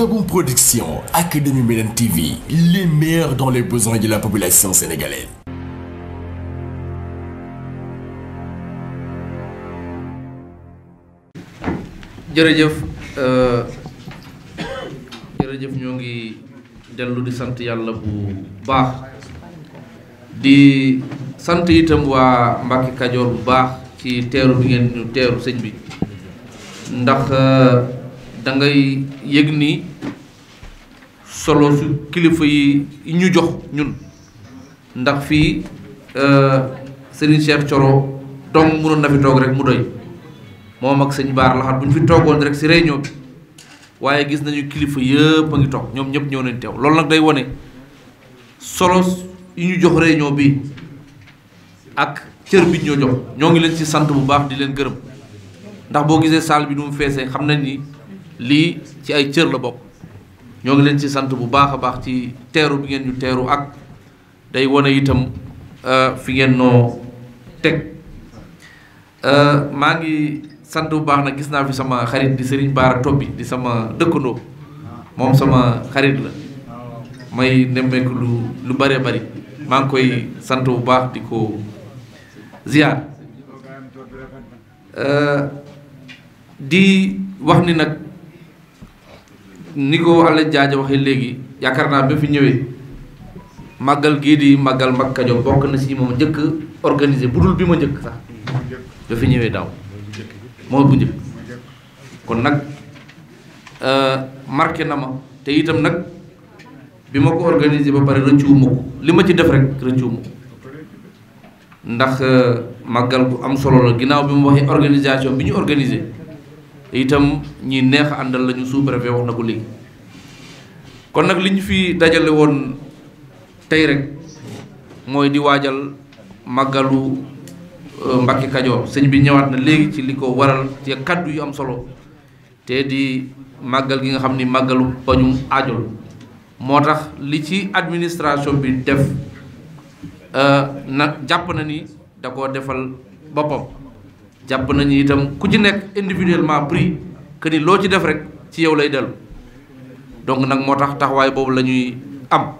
Gabon Production Académie Médane TV les meilleurs euh, jërëjëf ñoo ngi dellu di sant yàlla bu baax di sant itam waa Mbàkke Kajoor bu baax ci teeru bi ngeen ñu teeru sëñ bi ndax. Euh, da ngay yëg ni solo su kilifa yi ñu jox ñun ndax fii euh, Serigne Cheikh Thioro dong munoon na fi toog rek mu doy moom ak sëñ baax Laxat bu ñu fi toogoon rek si réunion bi waaye gis nañu kilifa yëpp a ngi toog ñoom ñëpp ñëw nañ teew loolu nag day wane solo yi ñu jox réunion bi ak cër bi ñoo jox ñoo ngi leen ci sant bu baax di leen gërëm ndax boo gisee salle bi nu mu feesee xam na ni. lii ci ay cër la bokk ñoo ngi leen ci sant bu baax a baax ci teeru bi ngeen ñu teeru ak day wane itam euh, fi ngeen noo teg euh, maa ngi sant bu baax nag gis naa fi sama xarit di Serigne Baara Tobbi di sama dëkkandoo moom sama xarit la may nemmeeku lu lu bëree bëri maa ngi koy sant bu baax di ko ziar euh, di wax ni nag. ni ko Alaaji Jaaja waxee léegi yaakaar naa ba fi ñëwee màggal gii di màggal Mbacke Kadior bokk na si moom njëkk organisé bu dul bi ma njëkk sax ba fi ñëwee daaw moo bu njëkk kon nag euh, marqué na ma te itam nag bi ma ko organisé ba pare rëccuwuma ko li ma ci def rek rëccuwuma ko ndax euh, màggal bu am solo la ginnaaw bi mu waxee organisation bi ñu organisé itam ñi neex a àndal lañu sous-préfet wax na ko léegi kon nag li ñu fi dajale woon tey rek mooy di waajal màggalu euh, Mbàkke Kajoor sëñ bi ñëwaat na léegi ci li ko waral ci kàddu yu am solo te di màggal gi nga xam ni màggalu bañum aajol moo tax li ci administration bi def euh, nag jàpp na ni da koo defal boppam jàpp nañu itam ku ci nekk individuellement pris que ni loo ci def rek ci yow lay dellu donc nag moo tax taxawaay boobu lañuy ñuy am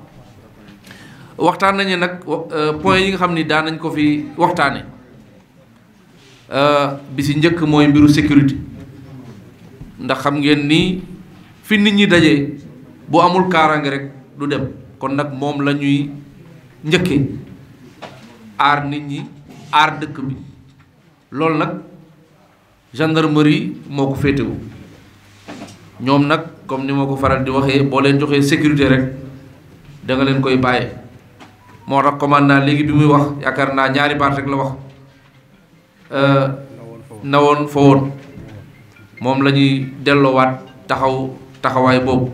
waxtaan nañu nag euh, point yi nga xam ni daan nañ ko fi waxtaane euh, bi si njëkk mooy mbiru sécurité ndax xam ngeen nii fi nit ñi dajee bu amul kaaraange rek du dem kon nag moom la ñuy njëkkee aar nit ñi aar dëkk bi loolu nag gendarmerie moo ko féetewu ñoom nag comme ni ma ko faral di waxee boo leen joxee sécurité rek danga leen koy bàyyi moo tax commandant naa léegi bi muy wax yaakaar naa ñaari baat rek la wax euh, nawoon fa woon moom lañuy ñuy taxaw taxawaay boobu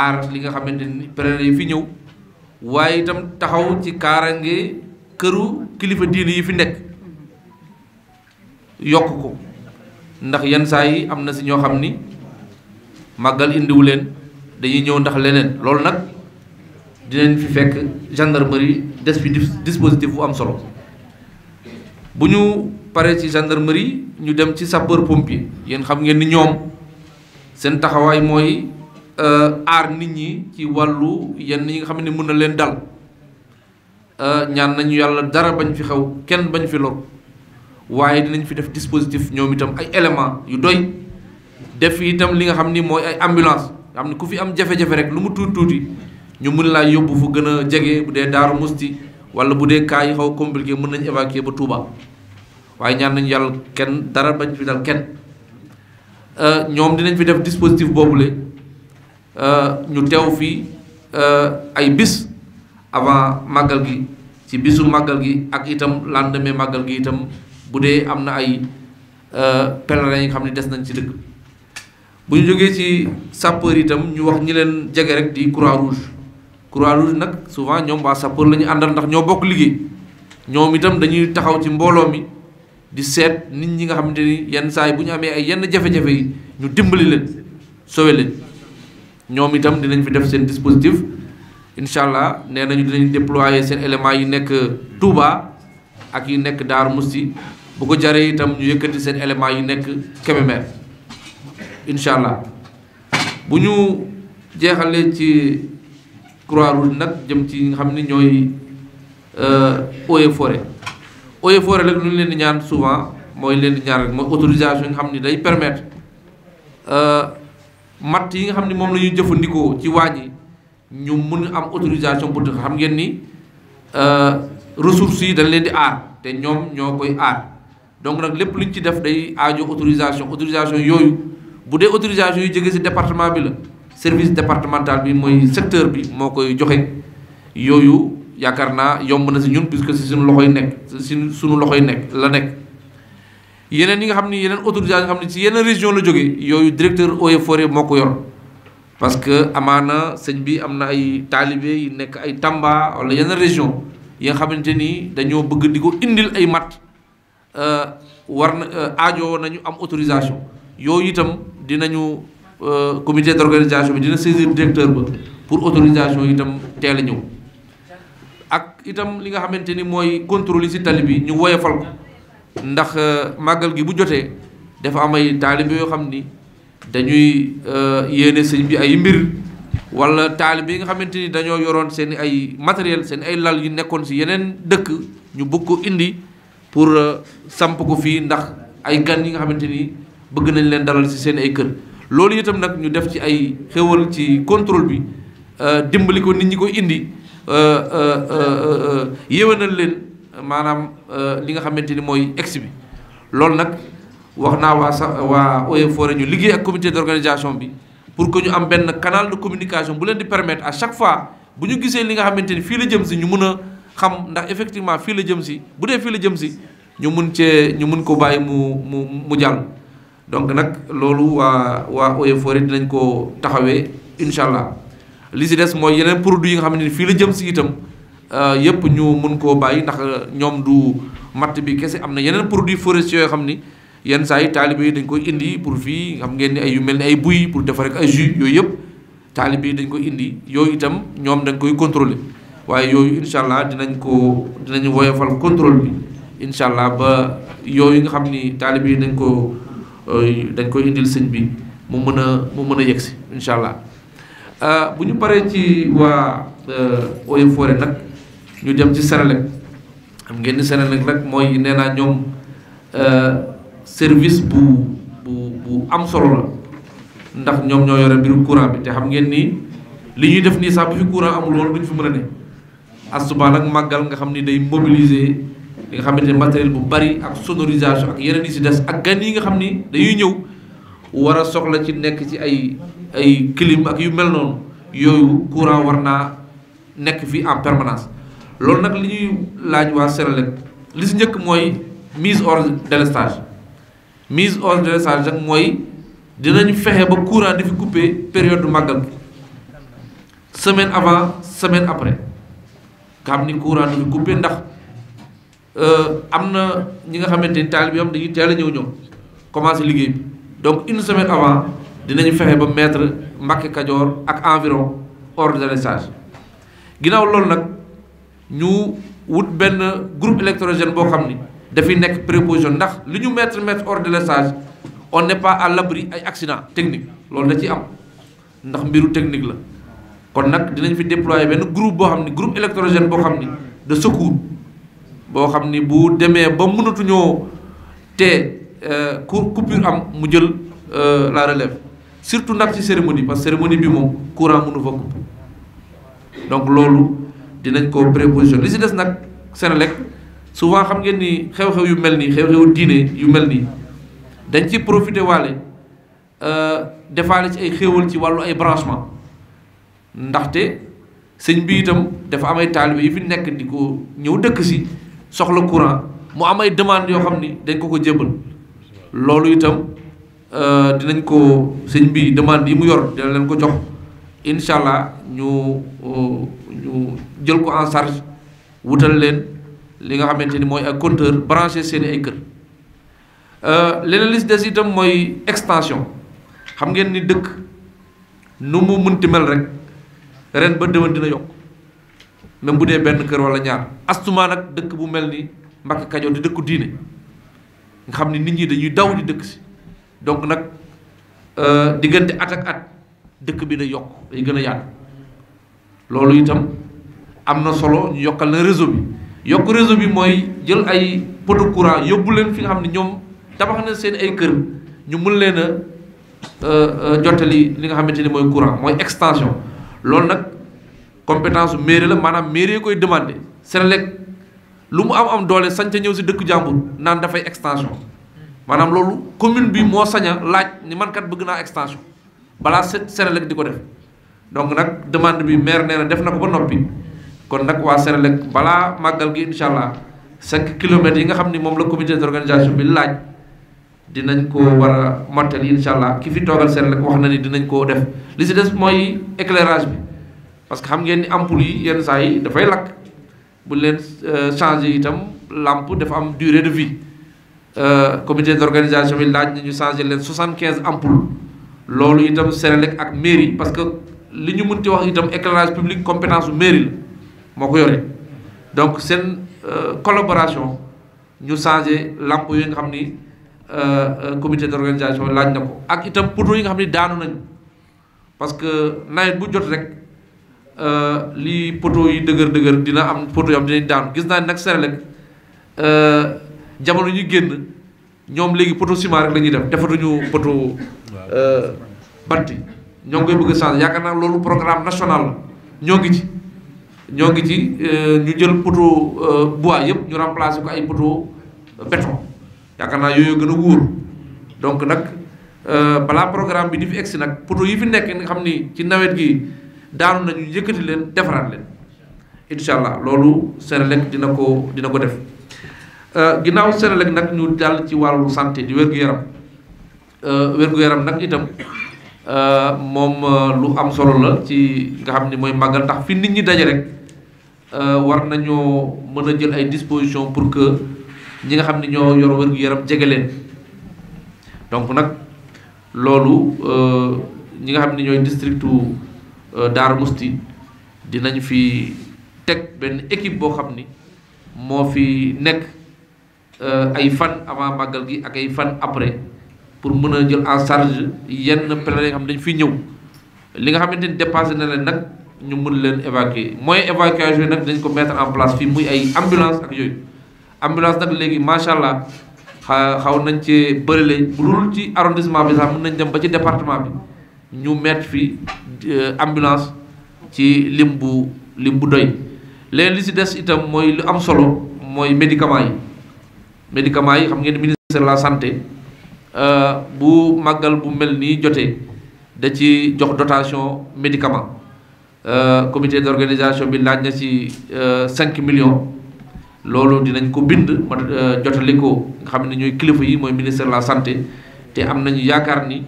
aar li nga xamante ni pèlerin yi fi ñëw waaye itam taxaw ci kaarange këru kilifa diini yi fi nekk yokk ko ndax yenn saa yi am na si ñoo xam ni màggal indiwu leen dañuy ñëw ndax leneen loolu nag dinañ fi fekk gendarmerie des fi dispositif bu am solo bu ñu paree ci gendarmerie ñu dem ci sapeur pompier yéen xam ngeen ni ñoom seen taxawaay mooy euh, aar nit ñi ci wàllu yenn yi nga xam ne mën na leen dal euh, ñaan nañu yàlla dara bañ fi xew kenn bañ fi lor waaye dinañ fi def dispositif ñoom itam ay éléments yu doy def itam li nga xam ni mooy ay ambulance nga xam ni ku fi am jafe-jafe rek lu mu tuuti tuuti ñu mën laa yóbbu fu gën a jege bu dee Daaru Musti wala bu dee cas yi xaw compliqué mën nañ évacuer ba Touba waaye ñaan nañu yàlla kenn dara bañ fi dal kenn euh, ñoom dinañ fi def dispositif boobule euh, ñu teew fii euh, ay bis avant màggal gi ci bisu màggal gi ak itam lendemain màggal gi itam bu dee am na ay euh, pèlerins yi nga xam ne des nañ ci dëkk bu ñu jógee ci sapeur itam ñu wax ñi leen jege rek di croix rouge croix rouge nag souvent ñoom waa sapeur la ñu àndal ndax ñoo bokk liggéey ñoom itam dañuy taxaw ci mbooloo mi di seet nit ñi nga xamante ni yenn saa yi bu ñu amee ay yenn jafe-jafe yi ñu dimbali leen sowe leen ñoom itam dinañ fi def seen dispositif incha allah nee nañu dinañ déployer seen éléments yi nekk Touba. ak yu nekk Daaru Musti bu ko jaree itam ñu yëkkati seen élément yu nekk Kébémer incha allah bu ñu jeexalee ci Croix-Rouge nag jëm ci nga xam ni ñooy euh, eaux et forêt eaux et forêt rek lu ñu leen di ñaan souvent mooy leen di ñaan rek mooy autorisation nga xam ni day permettre euh, matt yi nga xam ni moom la jëfandikoo ci waañ yi ñu mun am autorisation pour xam ngeen nii euh, ressources yi dañ leen di aar te ñoom ñoo koy aar donc nag lépp li ñu ci def day aajo autorisation autorisation yooyu bu dee autorisation yu jege si département bi la service départemental bi mooy secteur bi moo koy joxe yooyu yaakaar naa yomb na si ñun puisque si suñu loxoy nekk si suñu loxoy nekk la nekk yeneen yi nga xam ni yeneen autorisation nga xam ni si yeneen région la jógee yooyu directeur eaux et moo ko yor parce que amaana sëñ bi am na ay taalibe nekk ay Tamba wala yeneen région yi nga xamante ni dañoo bëgg di ko indil ay mat euh, war na euh, aajoo nañu am autorisation yooyu itam dinañu euh, comité d'organisation bi dina saisir directeur ba pour autorisation itam teel a ñëw ak itam li nga xamante ni mooy contrôle yi ci tali bi ñu woyofal ko ndax màggal gi bu jotee dafa am ay taalibe yoo xam ni dañuy yéene sëñ bi ay mbir wala taalibe yi nga xamante ni dañoo yoroon seen ay matériel seen ay lal yu nekkoon si yeneen dëkk ñu bëgg ko indi pour euh, samp ko fii ndax ay gan yi nga xamante ni bëgg nañ leen dalal si seen ay kër loolu itam nag ñu def ci ay xéwal ci contrôle bi euh, dimbali ko nit ñi ko indi euh, yéwénal leen maanaam li nga xamante ni mooy ex bi loolu nag wax naa waa sa waa Eaux et Forêts e ñu liggéey ak comité d'organisation bi pour que ñu am benn canal de communication bu leen di permettre à chaque fois bu ñu gisee li nga xamante ni fii la jëm si ñu mun a xam ndax effectivement fii la jëm si bu dee fii la jëm si ñu mun cee ñu mun ko bàyyi mu mu mu jàll. donc nag loolu waa waa Eaux et dinañ ko taxawee incha allah li si des mooy yeneen produit yi nga xamante ni fii la jëm si itam euh, yëpp ñu mun koo bàyyi ndax euh, ñoom du matt bi kese am na yeneen produit forestier yoo xam ni. yenn saa yi taalibe yi dañ koy indi pour fii xam ngeen ni ay yu mel ni ay buy pour defar ak ay jus yooyu yëpp taalibe yi dañ koy indi yooyu itam ñoom dañ koy contrôler waaye yooyu incha allah dinañ ko dinañ woyofal contrôle bi incha allah ba yooyu nga xam ni taalibe yi dañ ko euh, dañ koy indil sëñ bi mu mën a mu mën a yegg si incha allah euh, bu ñu paree ci waa euh, Eaux et nag ñu dem ci Senelec xam ngeen ni Senelec nag mooy nee naa ñoom. service bu bu bu am solo la ndax ñoom ñoo yore mbiru courant bi te xam ngeen nii li ñuy def nii sax bu fi courant amul woon duñ fi mën a ne asuba nag màggal nga xam ni day mobiliser li nga xamante ne matériel bu bari ak sonorisation ak yeneen yi si des ak gan yi nga xam ni dayu ñëw war a soxla ci nekk ci ay ay kilim ak yu mel noonu yooyu courant war naa nekk fii en permanence loolu nag li ñuy laaj waa Senelec li si njëkk mooy mise hors délestage mise hors de charge nag mooy dinañu fexe ba courant di fi période du màggal semaine avant semaine après nga xam ni courant du fi coupé ndax euh, am na ñi nga xamante ni taalibe yi am dañuy teel a ñëw ñoom commencé liggéey bi donc une semaine avant dinañu fexe ba mettre Mbàkke Kajoor ak environ hors charge ginnaaw loolu nag ñu wut benn groupe électrogène boo xam ni. dafiy nekk préposition ndax li ñu mettre mettre hors de on n'est pas à l'abri ay accident technique loolu da ciy am ndax mbiru technique la kon nag dinañ fi déployer benn groupe boo xam ni groupe électrogène boo xam ni de secours boo xam ni bu demee ba mënatuñoo te euh, cour coupure am mu jël euh, la relève surtout nag ci cérémonie parce que cérémonie bi moom courant mënu fa coupe donc loolu dinañ ko préposition li si des nag Senelec souvent xam ngeen nii xew-xew yu mel nii xew-xew diine yu mel nii dañ ci profité waale euh, defaale ci ay xéewal ci wàllu ay branchement ndaxte sëñ bi itam dafa am ay taalibe yi fi nekk di ko ñëw dëkk si soxla courant mu am ay demande yoo xam ni dañ ko ko jébbal loolu itam euh, dinañ ko sëñ bi demande yi mu yor dina leen ko jox incha allah ñu euh, ñu jël ko en charge wutal leen li nga xamante ni mooy ak compteur branché seen ay kër euh, leneen li des itam mooy extension xam ngeen ni dëkk nu mu munti mel rek ren ba déwén dina yokk même bu dee benn kër wala ñaar astuma nag dëkk bu mel ni Mbàkke Kajoor di dëkku diine nga xam ni nit ñi dañuy daw di dëkk si donc nag euh, diggante at ak at dëkk bi day yokk day gën a yaatu loolu itam am na solo ñu yokkal na réseau bi yokk réseau bi mooy jël ay poto courant yóbbu leen fi nga xam ne ñoom tabax na seen ay kër ñu mën leen a euh, euh, jottali li nga xamante ni mooy courant mooy extension loolu nag compétence su mairie la maanaam mairie koy demandé Senelec lu mu am am doole sañ ca ñëw si dëkk jàmbur naan dafay extension maanaam loolu commune bi moo sañ laaj ni man kat bëgg naa extension balaa Senelec di ko def donc nag demande bi maire nee na def na ko ba noppi. kon nag waa Senelec balaa màggal gi incha allah cinq kilomètres yi nga xam ni moom la comité d'organisation bi laaj dinañ ko hmm. war a mottali incha allah ki fi toogal Senelec wax na ni dinañ koo def li si des mooy éclairage bi parce que xam ngeen ni ampoule yi yenn saa yi dafay lakk bu leen euh, changé itam lampe dafa am durée de vie euh, comité d'organisation bi laaj nañu changé leen soixante-quinze ampoule loolu itam Senelec ak mairie parce que li ñu mënti wax itam éclairage public compétence su mairie la moo ko yore donc seen euh, collaboration ñu changé lamp yi nga xam ni euh, euh, comité d'organisation laaj na ko ak itam poteau yi nga xam ni daanu nañu parce que nawet bu jot rek lii poteau yi dëgër dëgër dina am poteau yoo xam dinañ daanu gis naa ni nag Senelec jamono ñu génn ñoom léegi poteau ciment rek la ñuy photo defatuñu poteau bant ñoo ngi koy bëgg a changé yaakaar naa loolu programme national la ñoo ngi ci. ñoo ngi ci euh, ñu jël poteau euh, bois yëpp ñu remplacé ko ay poteau euh, béton yaakaar naa yooyu donc nag balaa programme bi di fi egsi nag poteau yi fi nekk nga xam ni ci nawet gi daanu nañu yëkkati leen defaraat leen incha allah loolu Senelec dina ko dina ko def ginnaaw Senelec nag ñu dal ci wàllu santé di wér yaram wér-gu-yaram nag itam moom lu am solo la ci nga xam ni mooy màggal ndax fi nit ñi daje rek Euh, war nañoo mën a jël ay dispositions pour que ñi nga xam ne ñoo yor wér gu yaram jege leen donc nag loolu euh, ñi nga xam ne ñooy districtu euh, Darou Mouhty dinañ fi teg benn équipe boo xam ni moo fi nekk ay fan avant màggal gi ak ay fan après pour mën a jël en charge yenn pèlerins yi nga xam dañ fi ñëw li nga xamante ni dépassé na leen nag. ñu mun leen évacuer mooy évacuation nag dañ ko mettre en place fii muy ay ambulance ak yooyu ambulance nag léegi macha allah xaw nañ cee bërile bu dul ci arrondissement bi sax mun nañ dem ba ci département bi ñu mettre fii euh, ambulance ci lim bu lim bu doy léegi li si des itam mooy lu am solo mooy médicament yi médicament yi xam ngeen ministère de la santé euh, bu màggal bu mel ni jotee da ci jox dotation médicament Euh, comité d'organisation bi laaj na ci euh, cinq millions loolu dinañ ko bind ma euh, jotali ko nga xam ne ñooy kilifa yi mooy ministère de la santé te am nañu yaakaar ni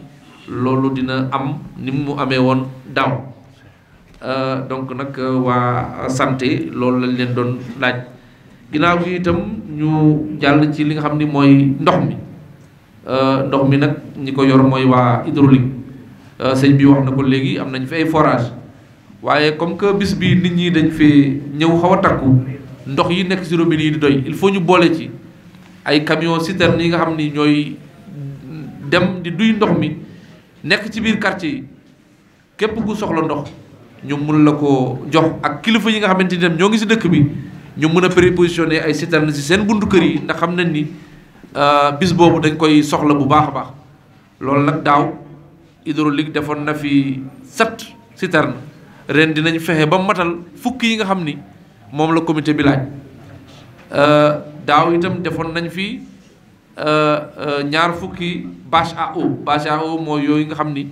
loolu dina am ni mu amee woon daaw donc nag waa santé loolu lañ leen doon laaj ginnaaw gi itam ñu jàll ci li nga xam ni mooy ndox mi ndox mi nag ñi ko yor mooy waa hydraulique sëñ bi wax na ko léegi am nañ fi ay forage waaye comme que bis bi nit ñi dañ fi ñëw xaw a takku ndox yi nekk si robinet yi di doy il faut ñu boole ci ay camion citerne yi nga xam ni ñooy dem di duy ndox mi nekk ci biir quartier yi képp ku soxla ndox ñu mun la ko jox ak kilifa yi nga xamante ni ñoo ngi si dëkk bi ñoo mën a prépositionner ay citerne si seen buntu kër yi ndax xam nañ ni euh, bis boobu dañ koy soxla bu baax a baax loolu nag daaw hydraulique defoon na fi sept citerne ren dinañu fexe ba matal fukk yi nga xam ni moom la comité bi laaj euh, daaw itam defoon nañ fi euh, euh, ñaar fukki bâche à eau bâche à yooyu nga xam ni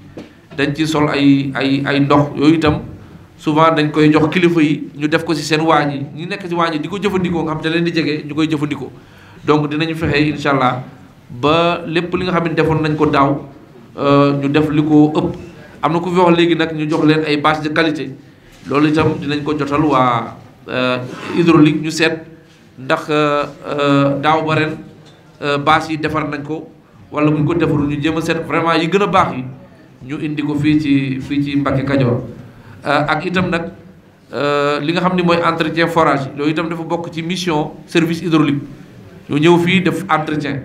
dañ ci sol ay ay ay ndox yooyu itam souvent dañ koy jox kilifa yi ñu def ko ci seen waañ yi ñu nekk ci waañ yi di ko jëfandikoo nga xam te leen di jege ñu koy jëfandikoo donc dinañu fexe incha allah ba lépp li nga xam ne defoon nañ ko daaw ñu def li ko ëpp. am na ko fi wax léegi nag ñu jox leen ay bâche de qualité loolu itam dinañ ko jotal waa euh, hydraulique ñu seet ndax euh, euh, daaw ba ren bâche yi defar nañ ko wala buñ ko defarul ñu jéem a seet vraiment yi gën a baax yi ñu indi ko fii ci fii ci Mbacké Kajoor ak itam nag li nga xam ni mooy entretien forage loolu itam dafa bokk ci mission service hydraulique ñu ñëw fii def entretien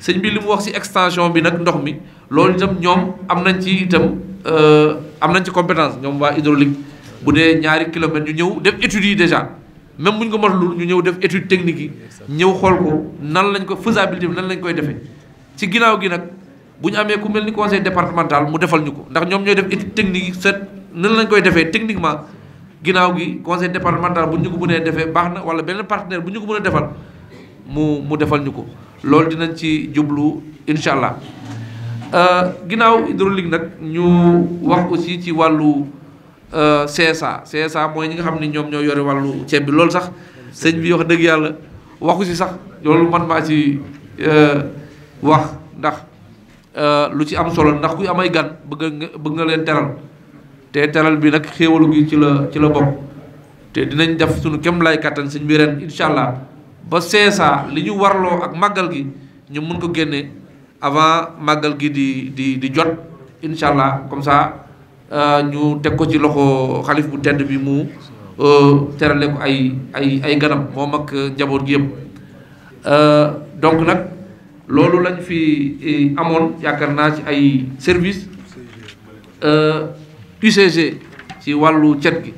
sëñ bi li mu wax ci extension bi nag ndox mi loolu itam ñoom am nañ ci itam Euh, am nañ ci compétence ñoom waa hydraulique bu dee ñaari kilomètres ñu ñëw def études yi déjà même bu ñu ko matalul ñu ñëw def étude technique yi ñëw xool ko nan lañ ko faisabilité bi lañ koy defee ci ginnaaw gi nag bu ñu amee ku mel ni conseil départemental mu defal ñu ko ndax ñoom ñooy def étude technique yi set nan lañ koy defee techniquement ginnaaw gi conseil départemental bu ñu ko mënee defee baax na wala benn partenaire bu ñu ko mën a defal mu mu defal ñu ko loolu dinañ ci jublu incha allah. Euh, ginnaaw hydraulique nag ñu wax aussi ci wàllu euh, CSA CSA mooy ñi nga xam ni ñoom ñoo yore wàllu ceeb bi loolu sax sëñ bi wax dëgg yàlla waxu si sax loolu man maa ci euh, wax ndax lu ci am solo ndax kuy amay gan bëgg nga bëgg nga leen teral te teral bi nag xéewalu gi ci la ci la bokk te dinañ daf suñu kem lay kattan sëñ bi ren incha allah ba CSA li ñu warloo ak màggal gi ñu mun ko génnee. avant màggal gi di di di jot incha allah comme ça euh, ñu teg ko ci loxo xalif bu tedd bi mu euh, terale ko ay ay ay ganam moom ak njaboot gi yëpp euh, donc nag loolu lañ fi eh, amoon yaakaar naa ci ay service UCG ci wàllu cet gi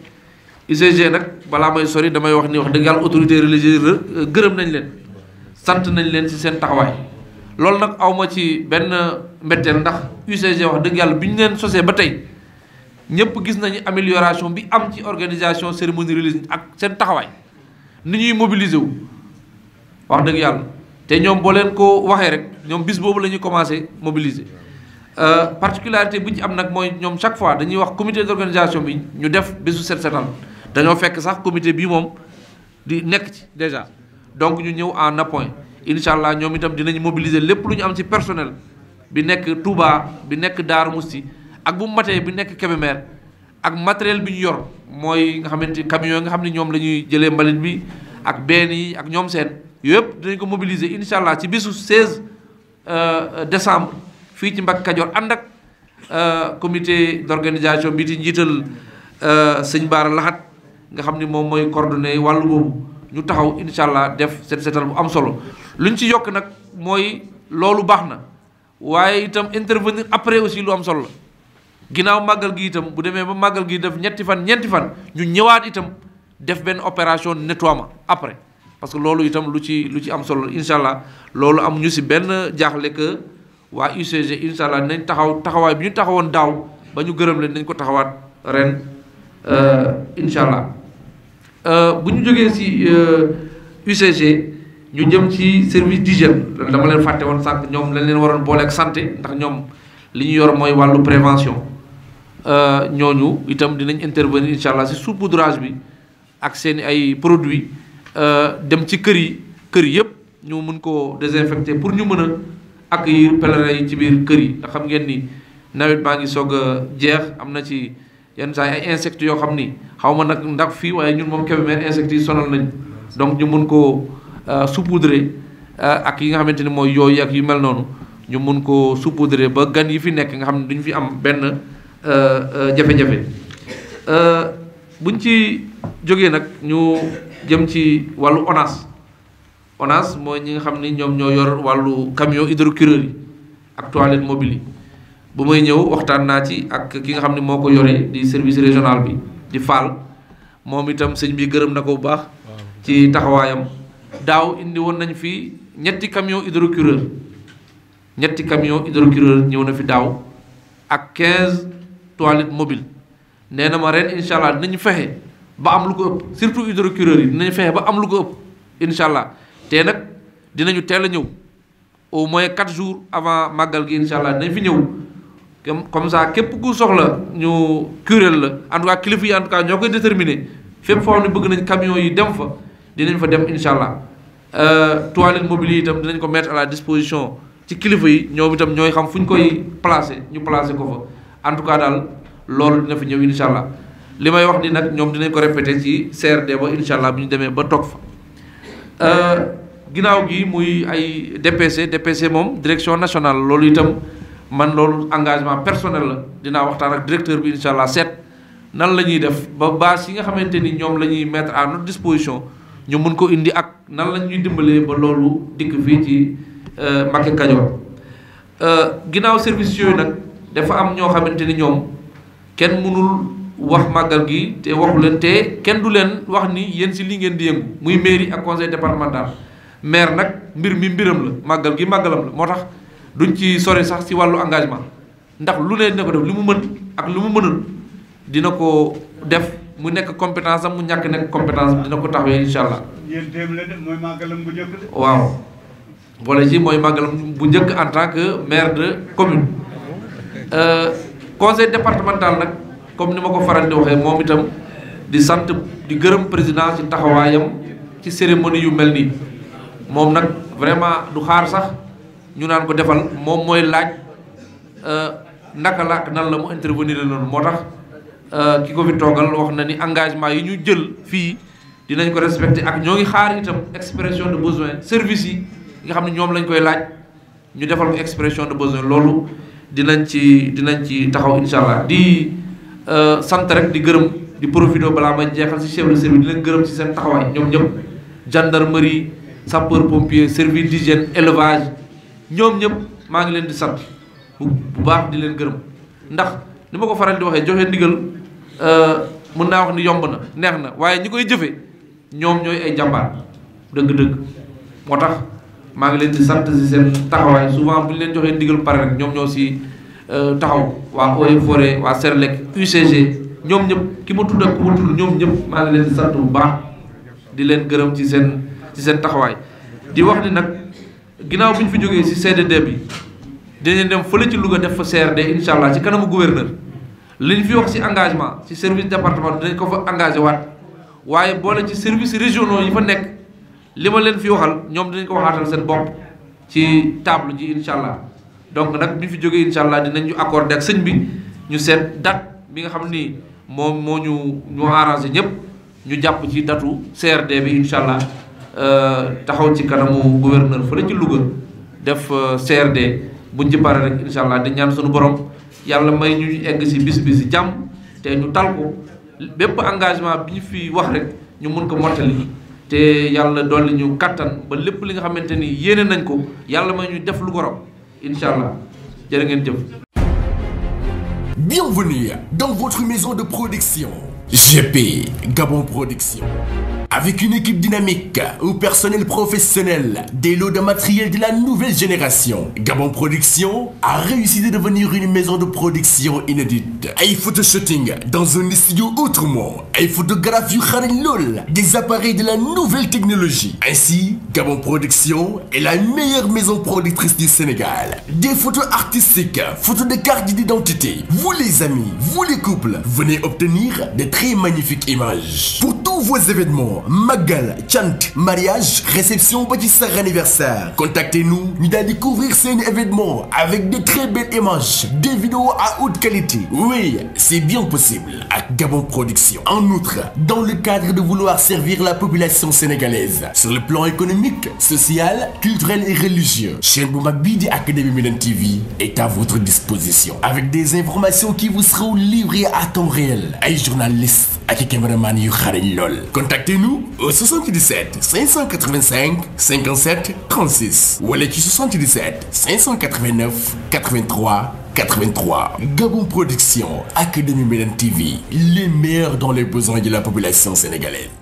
UCG nag balaa may sori damay wax ni wax dëgg yàlla autorité religieuse gërëm nañ leen sant nañ leen ci seen taxawaay loolu nag awma ci benn mbetteel ndax UCG wax dëgg yàlla bi ñu leen sosee ba tey ñëpp gis nañu amélioration bi am ci organisation cérémonie religieuse ak seen taxawaay ni ñuy mobiliser wu wax dëgg yàlla te ñoom boo leen ko waxee rek ñoom bis boobu la ñuy commencé mobiliser euh, particularité bu ci am nag mooy ñoom chaque fois dañuy wax comité d'organisation bi ñu def bésu set setal dañoo fekk sax comité bi moom di nekk ci déjà donc ñu ñëw en appoint incha allah ñoom itam dinañ mobiliser lépp lu ñu am ci personnel bi nekk Touba bi nekk Darou Mousty ak bu mu matee bi nekk Kébémer ak matériel bi ñu yor mooy nga xamante camion nga xam ne ñoom la ñuy jëlee mbalit bi ak benn yi ak ñoom seen yëpp dinañ ko mobiliser incha allah ci bisu 16 euh, décembre fii ci Mbacké Kadior ànd ak euh, comité d'organisation bi ci njiital euh, sëñ Baara Laxat nga xam ni moom mooy coordonné wàllu boobu. ñu taxaw incha allah def set setal bu am solo luñ ci yokk nag mooy loolu baax na waaye itam intervenir après aussi lu am solo la ginnaaw màggal gi itam bu demee ba màggal gi def ñetti fan ñeenti fan ñu ñëwaat itam def benn opération ma après parce que loolu itam lu ci lu ci am solo incha allah loolu am ñu si benn jaaxle que waa UCG incha allah nañ taxaw taxawaay bi ñu taxawoon daaw ba ñu gërëm leen nañ ko taxawaat ren euh, incha allah. Euh, bu ñu jógee si UCG euh, ñu jëm ci service d'hygiène dama leen fàtte woon sànq ñoom lañ leen waroon boole ak santé ndax ñoom li ñu yor mooy wàllu prévention euh, ñooñu itam dinañ intervenir incha allah si saupoudrage bi ak seen ay produits dem ci kër yi kër yëpp ñu mun koo désinfecter pour ñu mën a accueillir pèlerins yi ci biir kër yi nga xam ngeen ni nawet baa ngi soog a jeex am na ci. yenn saa ay insectes yoo xam ni xaw ma nag ndax fii waaye ñun moom Kébémer insectes yi sonal nañ donc ñu mun koo euh, saupoudrer euh, ak yi nga xamante ni mooy yooyu ak yu mel noonu ñu mun koo saupoudrer ba gan yi fi nekk nga xam ne duñ fi am benn euh, jafe-jafe buñ ci jógee nag ñu jëm ci wàllu ONAS ONAS mooy ñi nga xam ni ñoom ñoo yor wàllu camion hydrocureur yi ak toilette mobile yi bu may ñëw waxtaan naa ci ak ki nga xam ne moo ko yore mm. di service régional bi di Fall moom itam sëñ bi gërëm na ko bu baax ci taxawaayam daaw indi woon nañu fi ñetti camion hydrocureur ñetti camion hydrocureur ñëw na fi daaw ak 15 toilettes mobile nee na ma ren incha allah dinañu fexe ba am lu ko ëpp surtout hydrocureur yi dinañu fexe ba am lu ko ëpp incha allah te nag dinañu teel a ñëw au moins 4 jour avant màggal gi incha allah dinañ fi ñëw comme ça képp ku soxla ñu kuréel la en tout kilifa yi en tout cas ñoo koy déterminer fépp foo xam ne bëgg nañ camion yi dem fa dinañ fa dem incha allah euh, toilette mobile yi itam dinañ ko mettre à la disposition ci kilifa yi ñoom itam ñooy xam fu ñu koy placer ñu placer ko fa en tout cas daal loolu dina fi ñëw incha allah li may wax ni nag ñoom dinañ ko répété ci CRD ba incha allah bu ñu demee ba toog fa euh, ginnaaw gi muy ay DPC DPC moom direction nationale loolu itam. man loolu engagement personnel la dinaa waxtaan ak directeur bi incha allah seet nan la ñuy def ba baas yi nga xamante ni ñoom la ñuy mettre à notre disposition ñu mun ko indi ak nan la ñuy dimbalee ba loolu dikk fii ci euh, Mbacké Kadior euh, ginnaaw service yooyu nag dafa am ñoo xamante ni ñoom kenn mënul wax màggal gi te waxu te kenn du leen wax ni yéen si li ngeen di yëngu muy mairie ak conseil départemental maire nag mbir mi mbiram la màggal gi màggalam la moo tax duñ ci sori sax ci wàllu engagement ndax lu leen ne ko def li mu mën ak lu mu mënul dina ko def mu nekk compétence am mu ñàkk nekk compétence am dina ko taxawee incha allah. yéen mooy màggalam bu njëkk de. waaw boole ci mooy màggalam bu njëkk en tant que maire de commune euh, conseil départemental nag comme ni ma ko faral di waxee moom itam di sant di gërëm président ci taxawaayam ci cérémonie yu mel nii moom nag vraiment du xaar sax. ñu naan ko defal moom mooy laaj euh, naka la ak nan la mu intervenir loolu moo tax euh, ki ko fi toogal wax na ni engagement yi ñu jël fii dinañ ko respecté ak ñoo ngi xaar itam expression de besoin service yi nga xam ne ñoom lañ koy laaj ñu defal ko expression de besoin loolu dinañ ci dinañ ci taxaw incha allah di euh, sant rek di gërëm di profité balaa may jeexal si chef de service di leen gërëm ci seen taxawaay ñoom ñëpp gendarmerie sapeur pompier service d'hygiène élevage ñoom ñëpp maa ngi leen di sant bu baax di leen gërëm ndax ni ma ko faral di waxee joxe ndigal euh, mën naa wax ni yomb na neex na waaye ñi koy jëfe ñoom ñooy ay jàmbaar dëgg-dëgg moo tax maa ngi leen di sant si seen taxawaay souvent bu ñu leen joxe ndigal pare rek ñoom ñoo si euh, taxaw waa Eaux et Forêts waa Serelec UCG ñoom ñëpp ki ma tudd ak ku ma tudd ñoom ñëpp maa ngi leen di sant bu baax di leen gërëm ci seen ci seen taxawaay di wax ni nag ginnaaw bi ñu fi jógee si CDD bi dinañ dem fële ci Louga def fa CRD incha allah ci kanamu gouverneur li ñu fi wax si engagement si service départemental dinañ ko fa engagé waat waaye boole ci service régionaux yi fa nekk li ma leen fi waxal ñoom dinañ ko waxaatal seen bopp ci table ji incha allah donc nag bi ñu fi jógee incha allah dinañ ñu accordé ak sëñ bi ñu seet date bi nga xam ni moom moo ñu ñu arrangé ñëpp ñu jàpp ci datu CRD bi incha allah. Euh, taxaw ci kanamu gouverneur fële ci Louga def euh, CRD buñ ci paree rek incha allah di ñaan suñu borom yàlla may ñu egg si bis bi jàmm te ñu tal ko bépp engagement bi ñu fi wax rek ñu mën ko mottali te yàlla dolli ñu kattan ba lépp li nga xamante ni yéene nañ ko yàlla may ñuy def lu ko raw incha allah jërë ngeen jëf. Bienvenue dans votre maison de production. GP Gabon Production. Avec une équipe dynamique, un personnel professionnel, des lots de matériel de la nouvelle génération, Gabon Production a réussi de devenir une maison de production inédite. Ay photoshooting dans un studio autrement, ay photographes yu xarañ lool, des appareils de la nouvelle technologie. Ainsi, Gabon Production est la meilleure maison productrice du Sénégal. Des photos artistiques, photos de cartes d'identité. Vous les amis, vous les couples, venez obtenir Pour tous événement màggal cant mariage réception ba ci anniversaire contactez-nous ñu daal di couvrir seen événement avec de très belles images des vidéos à haute qualité oui c'est bien possible ak Gabon Production en outre dans le cadre de vouloir servir la population sénégalaise sur le plan économique social culturel et religieux chaîne bu mag bii di Académie Médine est à votre disposition avec des informations qui vous seront livrées à temps réel ay journalistes i caméraman déglu au 77 585 57 36 wala ci 77 589 83 83 Gabon Production Académie Médine TV les meilleurs dans les besoins de la population sénégalaise.